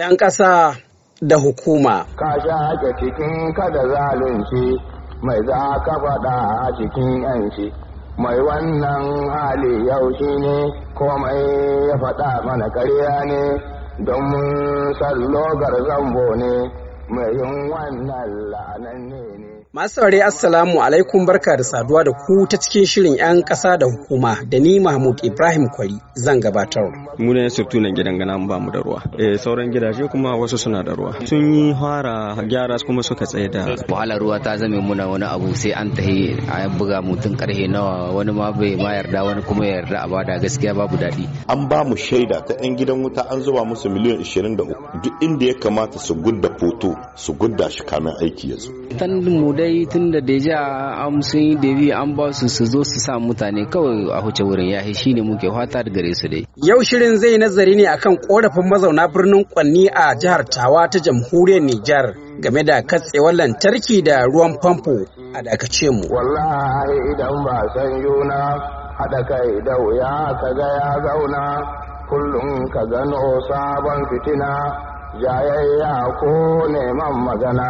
'yan ƙasa da hukuma. Ka sha ake cikin kada zalunci mai za ka faɗa a cikin 'yanci. Mai wannan hali yau shi ne komai ya faɗa mana karya ne don mun logar zambo ne. Masu saurari Assalamu alaikum barka da saduwa da ku ta cikin shirin 'yan ƙasa da hukuma da ni Mahmud Ibrahim Kwari zan gabatar. Mu ne surtu gidan gana ba mu da ruwa. Eh, sauran gidaje kuma wasu suna da ruwa. Sun yi fara gyara kuma suka tsaye da. Wahalar ruwa ta zame muna wani abu sai an tahi a buga mutum karhe nawa wani ma bai ma yarda wani kuma ya yarda a bada gaskiya babu daɗi. An ba mu shaida ta 'yan gidan wuta an zuba musu miliyan 23. duk inda ya kamata su gudda foto su gudda shi kamin aiki ya zo. tan mu dai tun da deja an sun yi an ba su su zo su sa mutane kawai a huce wurin ya shi shine muke fata da gare su dai. yau shirin zai nazari ne akan korafin mazauna birnin kwanni a jihar tawa ta jamhuriyar nijar game da katsewar lantarki da ruwan famfo a dakace mu. wallahi idan ba san yuna haɗa kai da wuya ka ga ya zauna kullum ka gano sabon fitina jayayya ko neman magana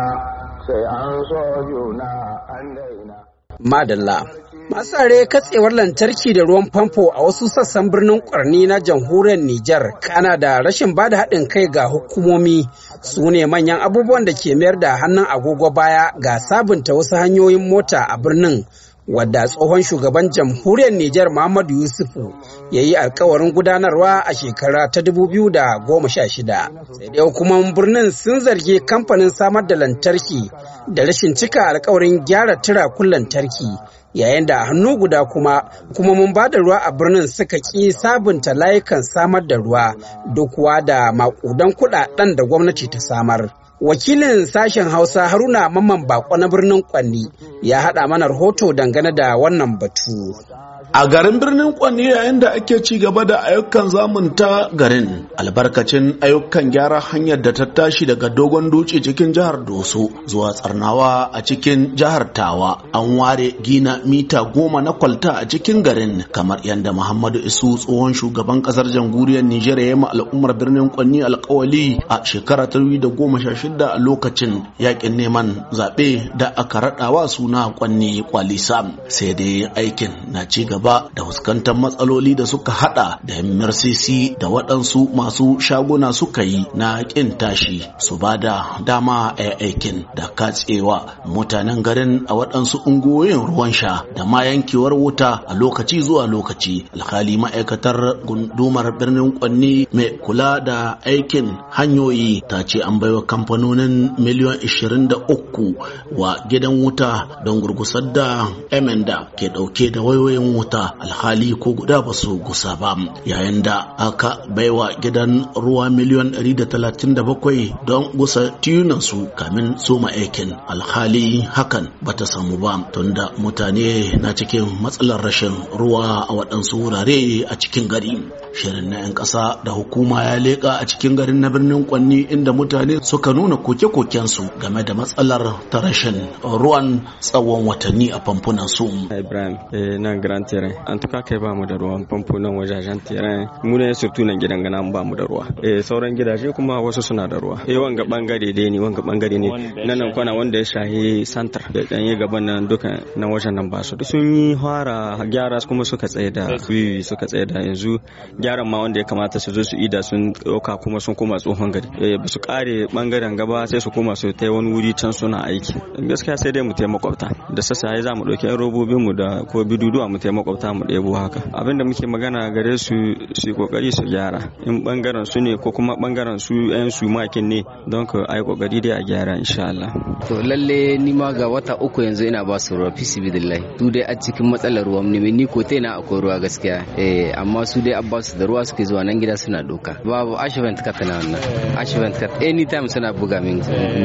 sai an so juna an daina. Madalla. Matsare katsewar lantarki da ruwan famfo a wasu sassan birnin kwarni na jamhuriyar Nijar kana da rashin bada haɗin kai ga hukumomi su ne manyan abubuwan da ke mayar da hannun agogo baya ga sabunta wasu hanyoyin mota a birnin wadda tsohon shugaban jamhuriyar Nijar Muhammadu Yusufu ya yi alkawarin gudanarwa a shekara ta 2016. Sai dai kuma birnin sun zargi kamfanin samar da lantarki da rashin cika alkawarin gyara tirakun lantarki yayin da hannu guda kuma mun ba da ruwa a birnin suka ƙi sabunta layukan samar da ruwa duk da maƙudan kuɗaɗen da gwamnati ta samar. Wakilin sashen Hausa Haruna Mamman Bako na birnin Kwanni ya haɗa mana rahoto dangane da wannan batu. a garin birnin kwanni yayin da ake ci gaba da ayyukan zamunta garin albarkacin ayyukan gyara hanyar da ta tashi daga dogon dutse cikin jihar doso zuwa tsarnawa a cikin jihar tawa an ware gina mita goma na kwalta a cikin garin kamar yadda muhammadu isu tsohon shugaban kasar jamhuriyar nijar ya yi al'ummar birnin kwanni alkawali a shekara ta da goma sha shida a lokacin yakin neman zaɓe da aka raɗawa suna kwanni kwalisa. sai dai aikin na ci gaba gaba da fuskantar matsaloli da suka hada da MRCC da waɗansu masu shaguna suka yi na ƙin tashi su ba da dama a aikin da katsewa mutanen garin a waɗansu unguwoyin ruwan sha da ma yankewar wuta a lokaci zuwa lokaci alkali ma'aikatar gundumar birnin kwanni mai kula da aikin hanyoyi ta ce an baiwa kamfanonin miliyan 23 wa gidan wuta don gurgusar da emenda ke ɗauke da wayoyin wuta mota alhali ko guda ba su gusa ba yayin da aka baiwa gidan ruwa miliyon 137 don gusa su kamin soma aikin alhali hakan bata samu ba tunda mutane na cikin matsalar rashin ruwa a waɗansu wurare a cikin gari shirin na 'yan ƙasa da hukuma ya leƙa a cikin garin na birnin kwanni inda mutane suka nuna koke koken su game da matsalar ta rashin ruwan tsawon watanni a famfunan su ibrahim eh, nan grant tirai an tuka kai ba mu da ruwan famfo nan wajajen tirai mu ne surtu nan gidan gana ba mu da ruwa eh sauran gidaje kuma wasu suna da ruwa eh wanga bangare dai ne wanga bangare ne nan nan kwana wanda ya shahi santar da dan yi gaban nan duka na wajen nan ba su sun yi fara gyara kuma suka tsaya da wiwi suka tsaya da yanzu gyaran ma wanda ya kamata su zo su ida sun ɗauka kuma sun koma tsohon gari eh ba su kare bangaren gaba sai su koma su ta wani wuri can suna aiki gaskiya sai dai mu taimaka da sassaye za mu ɗauki robobin mu da ko biduduwa mu taimaka makwabta mu ɗebo haka abin da muke magana gare su su kokari su gyara in bangaren su ne ko kuma bangaren su yan su makin ne don ka ai kokari dai a gyara insha Allah to lalle ni ma ga wata uku yanzu ina ba su ruwa fisi bidillahi su dai a cikin matsalar ruwan ne ni ko ta na akwai ruwa gaskiya eh amma su dai abba su da ruwa suke zuwa nan gida suna doka babu ashevent kat na wannan ashevent kat anytime suna buga min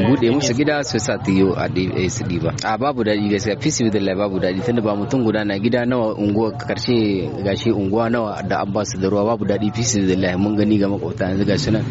bude musu gida su sa tiyo a eh, su diba a babu dadi gaskiya fisi bidillahi babu dadi tunda ba mutum guda na gida nawa unguwa karshe gashi unguwa nawa da an su da ruwa babu daɗi fi su mun gani ga makwabta yanzu gashi nan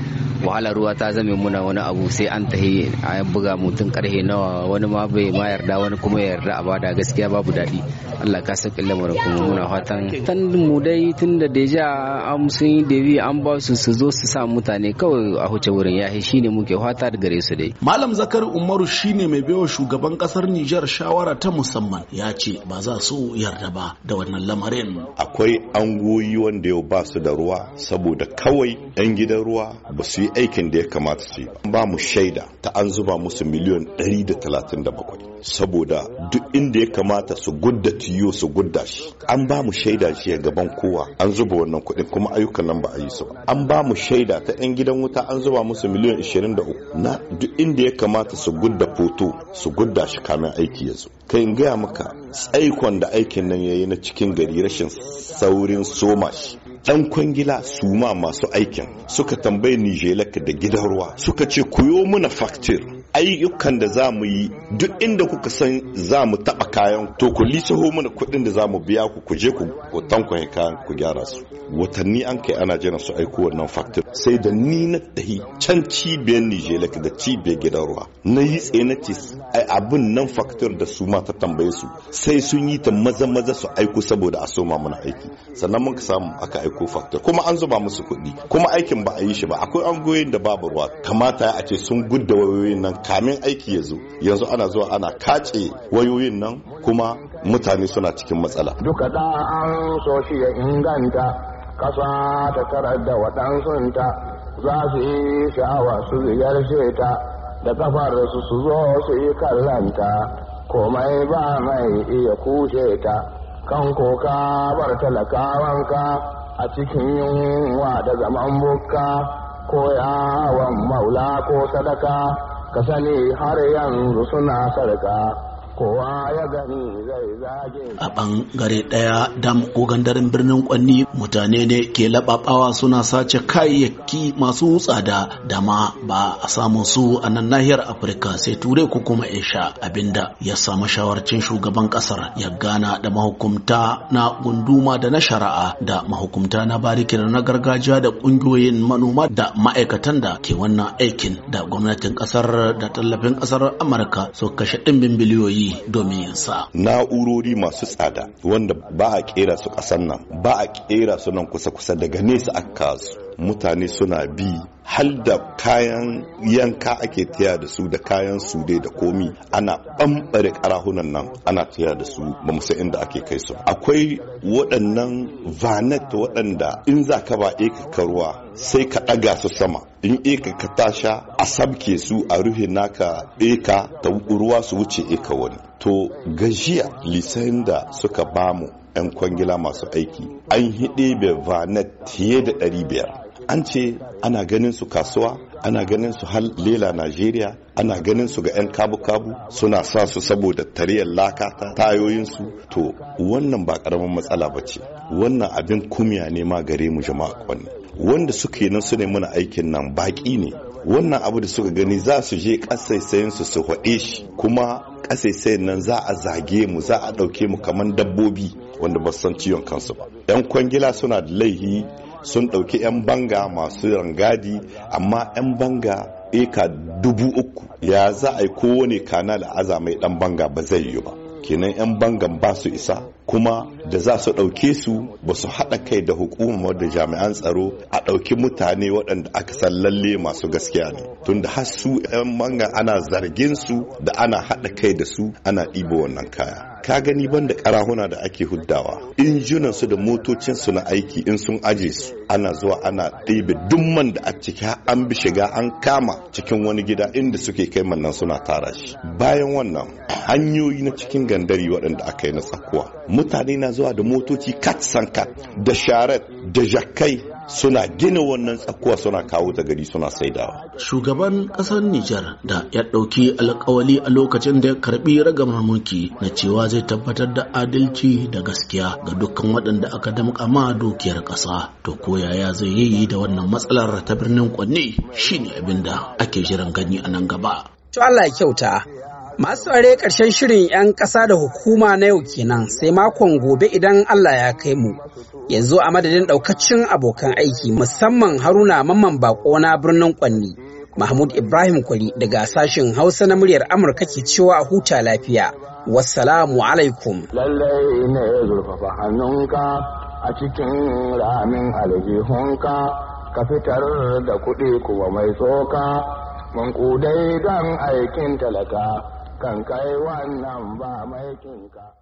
Wahala ruwa ta zame muna wani abu sai an tahi a buga mutum karhe nawa wani ma bai ma yarda wani kuma ya yarda a bada gaskiya babu daɗi Allah ka saki lamarin kuma muna fatan tan mu dai tun da deja an sun yi debi an ba su su zo su sa mutane kawai a huce wurin yahi shine muke fata da gare su dai Malam Zakar Umaru shine mai baiwa shugaban kasar Nijar shawara ta musamman ya ce ba za su yarda ba da wannan lamarin akwai angoyi wanda ya ba su da ruwa saboda kawai 'yan gidan ruwa ba su yi aikin da ya kamata su yi ba mu shaida ta an zuba musu miliyon 137 saboda duk inda ya kamata su gudda tiyo su gudda shi an ba mu shaida shi a gaban kowa an zuba wannan kuɗin kuma ayyukan nan ba a yi su ba an ba mu shaida ta 'yan gidan wuta an zuba musu miliyon 23 na duk inda ya kamata su gudda foto su gudda shi kamin aiki ya zo kai in gaya maka tsaikon da aikin nan ya yi na cikin gari rashin saurin soma shi dan kwangila su ma masu aikin suka tambayi nijelaka da gidan ruwa suka ce kuyo muna faktir ayyukan da za mu yi duk inda kuka san za mu taɓa kayan to ku lisaho mana kuɗin da za mu biya ku ku je ku tankwaye kayan ku gyara su watanni an kai ana jiran su aiko wannan factory sai da ni na tahi can cibiyar nijela da cibiyar gidan ruwa na yi tsaye na abin nan factory da su mata tambaye su sai sun yi ta maza maza su aiko saboda a soma mana aiki sannan muka samu aka aiko factory kuma an zuba musu kuɗi kuma aikin ba a yi shi ba akwai angoyin da babu ruwa kamata a ce sun gudda wayoyin nan kamin aiki ya zo yanzu ana zuwa ana kace wayoyin nan kuma mutane suna cikin matsala duka da an so ya inganta kasa ta karar da waɗansunta za su yi sha'awa su ziyarce ta da kafar su su zo su yi kallanta komai ba mai iya kushe ta kan koka bar talakawanka a cikin yunwa da zaman bukka ko yawon maula ko sadaka ka sani har yanzu suna sarka kowa ya gani zai a bangare ɗaya dam gandarin birnin kwanni mutane ne ke laɓaɓawa suna sace kayayyaki masu tsada dama ba a samun su a nan nahiyar afirka sai turai ko kuma asia abinda ya samu shawarcin shugaban ƙasar ya gana da mahukumta na gunduma da na shari'a da mahukumta na bariki na gargajiya da kungiyoyin manoma da ma'aikatan da ke wannan aikin da gwamnatin ƙasar da tallafin ƙasar amurka su kashe ɗimbin biliyoyi domin yin Na'urori masu tsada wanda ba a kera su kasan nan ba a kera su nan kusa-kusa daga nesa aka su mutane suna bi har da kayan yanka ake taya da su da kayan su da komi ana bambare karahunan nan ana taya da su ba musa inda ake kai su akwai waɗannan vanet waɗanda in za ka ba eka ka ruwa sai ka ɗaga su sama in eka ka tasha a sabke su a rufe naka eka ta ruwa su wuce eka wani to gajiya lisan da suka bamu 'yan kwangila masu aiki an hide bai vanet fiye da 500 an ce ana ganin su kasuwa ana ganin su hal lela najeriya ana ganin su ga 'yan kabu-kabu suna sa su saboda tariyar laka ta tayoyinsu to wannan ba karamin matsala ba ce wannan abin kumya ne ma gare mu jama'a kwanne wanda suke nan su ne muna aikin nan baki ne wannan abu da suka gani za su je kasaisayin su su haɗe shi kuma kasaisayin nan za a zage mu za a ɗauke mu kaman dabbobi wanda ba san ciwon kansu ba yan kwangila suna da laihi sun ɗauki 'yan banga masu rangadi amma 'yan banga eka dubu uku ya za a yi kowane da aza mai ɗan banga ba zai yi ba kenan 'yan bangan ba su isa kuma da za su ɗauke su ba su haɗa kai da hukumar da jami'an tsaro a ɗauki mutane waɗanda aka san lalle masu gaskiya ne tunda har su 'yan bangan ana zargin su da ana haɗa kai da su ana ɗiba wannan kaya ka gani ban da karahuna da ake huddawa injunan su da motocin su na aiki in sun aje su ana zuwa ana ɗebe dumman da a ciki an bi shiga an kama cikin wani gida inda suke kai nan suna tara shi bayan wannan hanyoyi na cikin gandari waɗanda aka yi na tsakuwa mutane na zuwa da motoci kat san kat da sharet da jakai suna gina wannan tsakuwa suna kawo ta gari suna saidawa. Shugaban ƙasar Nijar da ya ɗauki alkawali a lokacin da ya karɓi ragamar mulki na cewa zai tabbatar da adalci da gaskiya ga dukkan waɗanda aka damƙa ma dukiyar ƙasa. To ko yaya zai yi da wannan matsalar ta birnin Kwanne shine abin da ake jiran gani a nan gaba. To Allah ya kyauta Masu tsare ƙarshen shirin 'yan ƙasa da hukuma na yau kenan sai makon gobe idan Allah ya kai mu. Yanzu a madadin ɗaukacin abokan aiki musamman haruna mamman bako na birnin Kwanni. Mahmud Ibrahim Kwari daga sashen Hausa na muryar Amurka ke cewa huta lafiya. Wassalamu alaikum. Lallai zurfafa hannunka a cikin ramin aljihunka ka fitar da kuɗi kuma mai tsoka. Mun kudai don aikin talaka. kankai kai wannan ba mai kinka.